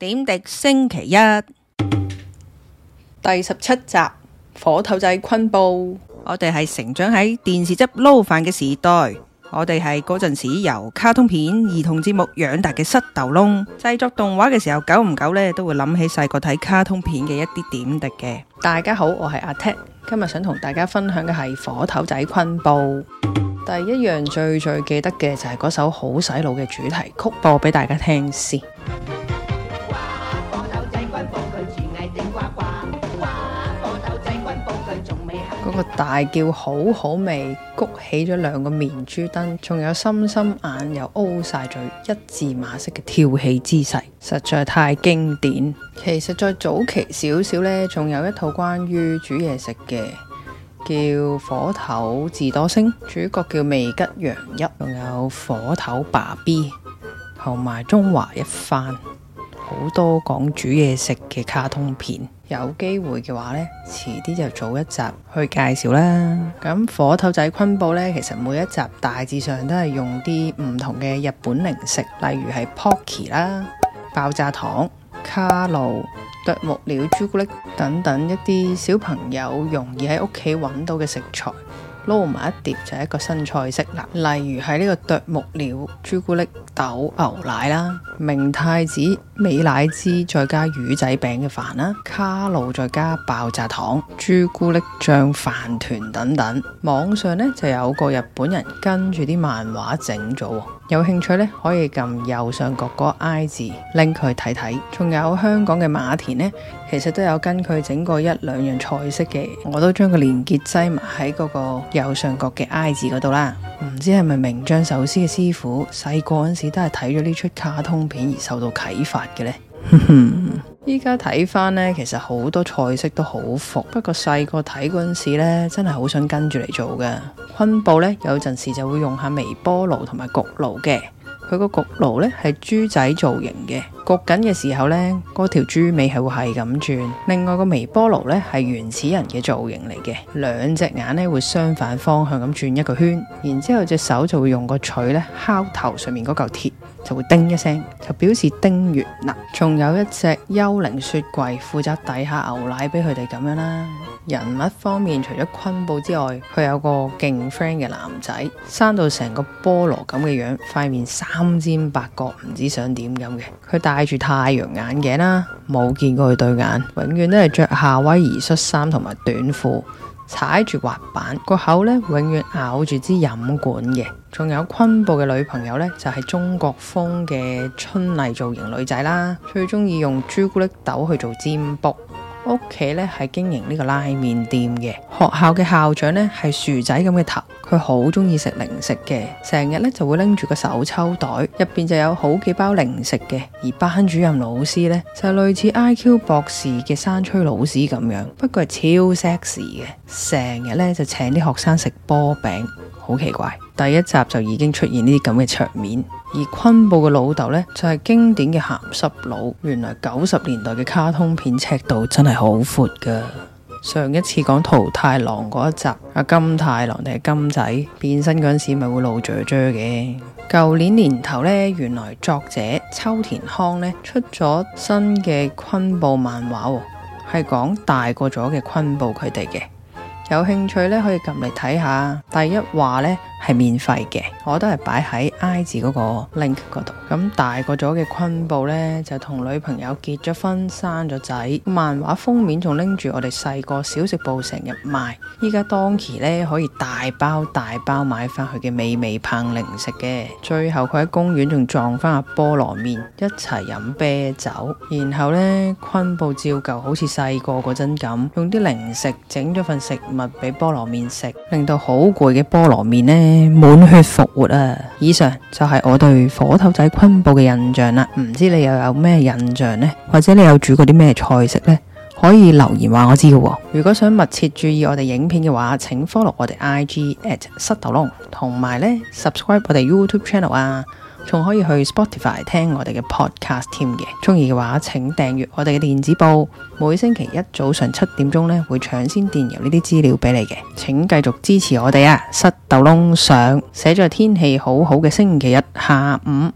點滴星期一第十七集火頭仔昆布，我哋係成長喺電視汁撈飯嘅時代，我哋係嗰陣時由卡通片、兒童節目養大嘅失斗窿。製作動畫嘅時候，久唔久呢都會諗起細個睇卡通片嘅一啲點滴嘅。大家好，我係阿 T，今日想同大家分享嘅係火頭仔昆布。第一樣最最記得嘅就係嗰首好洗腦嘅主題曲，播俾大家聽先。大叫好好味，谷起咗兩個面珠燈，仲有深深眼，又 O 晒嘴，一字馬式嘅跳起姿勢，實在太經典。其實再早期少少呢，仲有一套關於煮嘢食嘅，叫《火頭自多星》，主角叫味吉陽一，仲有火頭爸 B，同埋中華一番，好多講煮嘢食嘅卡通片。有機會嘅話呢，遲啲就做一集去介紹啦。咁火頭仔昆布呢，其實每一集大致上都係用啲唔同嘅日本零食，例如係 pocky 啦、爆炸糖、卡路啄木鳥朱古力等等一啲小朋友容易喺屋企揾到嘅食材，撈埋一碟就係一個新菜式啦。例如係呢個啄木鳥朱古力。豆牛奶啦，明太子、美奶滋，再加魚仔餅嘅飯啦，卡路再加爆炸糖、朱古力醬飯團等等。網上呢就有個日本人跟住啲漫畫整咗，有興趣呢可以撳右上角個 I 字，拎佢睇睇。仲有香港嘅馬田呢，其實都有跟佢整過一兩樣菜式嘅，我都將個連結擠埋喺嗰個右上角嘅 I 字嗰度啦。唔知係咪名將壽司嘅師傅細個嗰陣時？都係睇咗呢出卡通片而受到啟發嘅咧。依家睇翻呢，其實好多菜式都好服。不過細個睇嗰陣時咧，真係好想跟住嚟做嘅。昆布呢，有陣時就會用下微波爐同埋焗爐嘅，佢個焗爐呢，係豬仔造型嘅。焗緊嘅時候呢，嗰條豬尾係會係咁轉。另外個微波爐呢，係原始人嘅造型嚟嘅，兩隻眼呢，會相反方向咁轉一個圈，然之後隻手就會用個錘呢敲頭上面嗰嚿鐵，就會叮一聲，就表示叮完啦。仲有一隻幽靈雪櫃負責底下牛奶俾佢哋咁樣啦。人物方面，除咗昆布之外，佢有個勁 friend 嘅男仔，生到成個菠蘿咁嘅樣，塊面三尖八角，唔知想點咁嘅。佢大。戴住太陽眼鏡啦，冇見過佢對眼，永遠都係着夏威夷恤衫同埋短褲，踩住滑板，個口呢永遠咬住支飲管嘅。仲有昆布嘅女朋友呢，就係、是、中國風嘅春麗造型女仔啦，最中意用朱古力豆去做占卜。屋企咧係經營呢個拉麵店嘅，學校嘅校長咧係薯仔咁嘅頭，佢好中意食零食嘅，成日咧就會拎住個手抽袋，入面就有好幾包零食嘅。而班主任老師咧就是類似 I Q 博士嘅山吹老師咁樣，不過係超 sexy 嘅，成日咧就請啲學生食波餅，好奇怪。第一集就已經出現呢啲咁嘅場面，而昆布嘅老豆呢，就係、是、經典嘅鹹濕佬。原來九十年代嘅卡通片尺度真係好闊㗎。上一次講《桃太郎》嗰一集，阿、啊、金太郎定係金仔變身嗰陣時，咪會露鋸鋸嘅。舊年年頭呢，原來作者秋田康呢出咗新嘅昆布漫畫喎、哦，係講大個咗嘅昆布佢哋嘅。有興趣呢，可以撳嚟睇下。第一話呢。係免費嘅，我都係擺喺 I 字嗰個 link 嗰度。咁大個咗嘅昆布呢，就同女朋友結咗婚，生咗仔。漫畫封面仲拎住我哋細個小食部成日賣。依家當期呢，可以大包大包買翻去嘅美味棒零食嘅。最後佢喺公園仲撞翻阿菠蘿麵一齊飲啤酒，然後呢，昆布照舊好似細個嗰陣咁，用啲零食整咗份食物俾菠蘿麵食，令到好攰嘅菠蘿麵呢。滿血復活啊！以上就係我對火頭仔昆布嘅印象啦，唔知你又有咩印象呢？或者你有煮過啲咩菜式呢？可以留言話我知嘅。如果想密切注意我哋影片嘅話，請 follow 我哋 IG at 失頭龍，同埋呢 subscribe 我哋 YouTube channel 啊。仲可以去 Spotify 聽我哋嘅 podcast 添嘅，鍾意嘅話，請訂閱我哋嘅電子報，每星期一早上七點鐘呢，會搶先電郵呢啲資料俾你嘅，請繼續支持我哋啊！塞豆窿上，寫咗天氣好好嘅星期一下午。